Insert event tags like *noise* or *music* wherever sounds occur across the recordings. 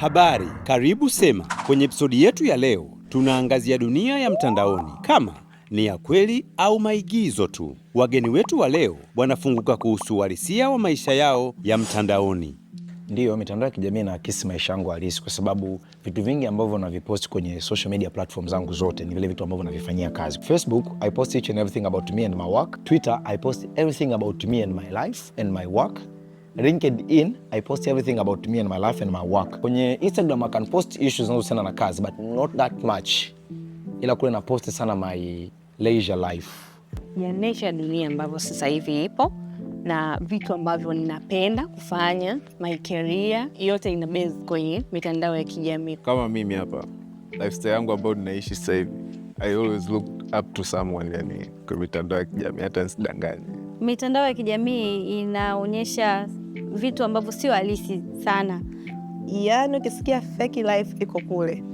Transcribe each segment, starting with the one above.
Habari, karibu Sema. Kwenye episodi yetu ya leo, tunaangazia dunia ya mtandaoni, kama ni ya kweli au maigizo tu. Wageni wetu wa leo wanafunguka kuhusu uhalisia wa maisha yao ya mtandaoni. Ndiyo, mitandao ya kijamii inaakisi maisha yangu halisi, kwa sababu vitu vingi ambavyo naviposti kwenye social media platform zangu zote ni vile vitu ambavyo navifanyia kazi. Facebook, I post each and everything about me and my work. Twitter, I post everything about me and my life and my work LinkedIn, I post everything about me and my life and my work. Kwenye Instagram I can post issues zinazohusiana na kazi but not that much, ila kule na post sana my leisure life, yaonyesha dunia ambavyo sasa hivi ipo na vitu ambavyo ninapenda kufanya, my career yote ina base kwenye mitandao ya kijamii. Kama mimi hapa lifestyle yangu ambayo ninaishi sasa hivi, I always look up to someone, yani kwa mitandao ya kijamii, hata nisidanganye. Mitandao ya kijamii inaonyesha vitu ambavyo sio halisi sana. yani ukisikia fake life iko kule,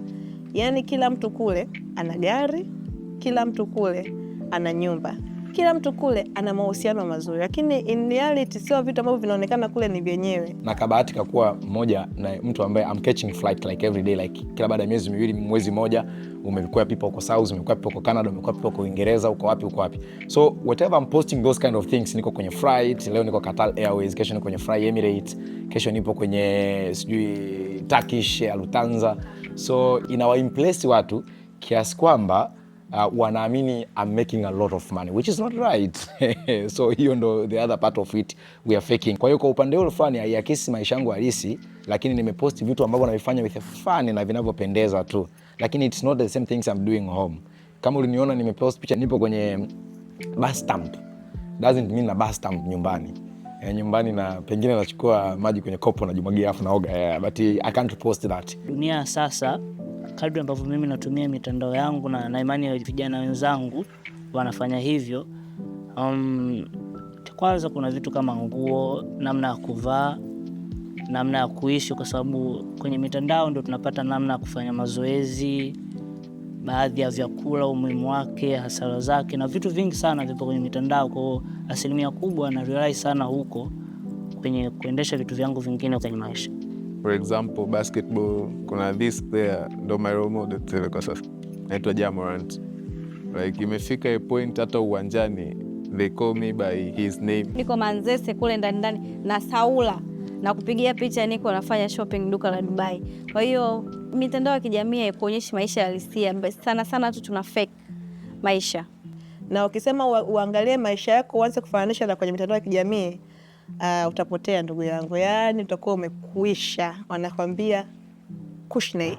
yani kila mtu kule ana gari, kila mtu kule ana nyumba kila mtu kule ana mahusiano mazuri, lakini in reality sio vitu ambavyo vinaonekana kule ni vyenyewe. Na kabahati kakuwa mmoja na mtu ambaye I'm catching flight like every day, like kila baada ya miezi miwili, mwezi mmoja, umekuwa pipa uko South, umekuwa pipa uko Canada, umekuwa pipa uko Uingereza, uko wapi uko wapi. So whatever I'm posting those kind of things, niko kwenye flight leo, niko Qatar Airways, kesho niko kwenye Fly Emirates, kesho nipo kwenye sijui Turkish Lufthansa, so inawa impress watu kiasi kwamba uh, wanaamini I'm making a lot of money which is not right *laughs* so hiyo ndo the other part of it we are faking. Kwa hiyo kwa upande huo fulani haiakisi maisha yangu halisi, lakini nimepost vitu ambavyo navifanya with fun na vinavyopendeza tu, lakini it's not the same things I'm doing home. Kama uliniona nimepost picha nipo kwenye bus stamp doesn't mean na bus stamp nyumbani eh, nyumbani na pengine nachukua maji kwenye kopo najimwagia afu naoga yeah, but I can't post that. Dunia sasa kadri ambavyo mimi natumia mitandao yangu na, naimani vijana wenzangu wanafanya hivyo. Um, kwanza kuna vitu kama nguo, namna ya kuvaa, namna ya kuishi, kwa sababu kwenye mitandao ndio tunapata namna ya kufanya mazoezi, baadhi ya vyakula, umuhimu wake, hasara zake na vitu vingi sana vipo kwenye mitandao. kwao asilimia kubwa na sana huko kwenye kuendesha vitu vyangu vingine kwenye maisha for example basketball, kuna this player ndo my role model tele kwa sasa naitwa Jamorant. Like imefika a point hata uwanjani they call me by his name. Niko Manzese kule ndani ndani na Saula na kupigia picha, niko nafanya shopping duka la Dubai. Kwa hiyo mitandao ya kijamii haikuonyeshi maisha ya halisia sana sana tu, tuna fake maisha, na ukisema uangalie maisha yako uanze kufananisha na kwenye mitandao ya kijamii uh, utapotea ndugu yangu, yaani utakuwa umekuisha, wanakwambia kushnei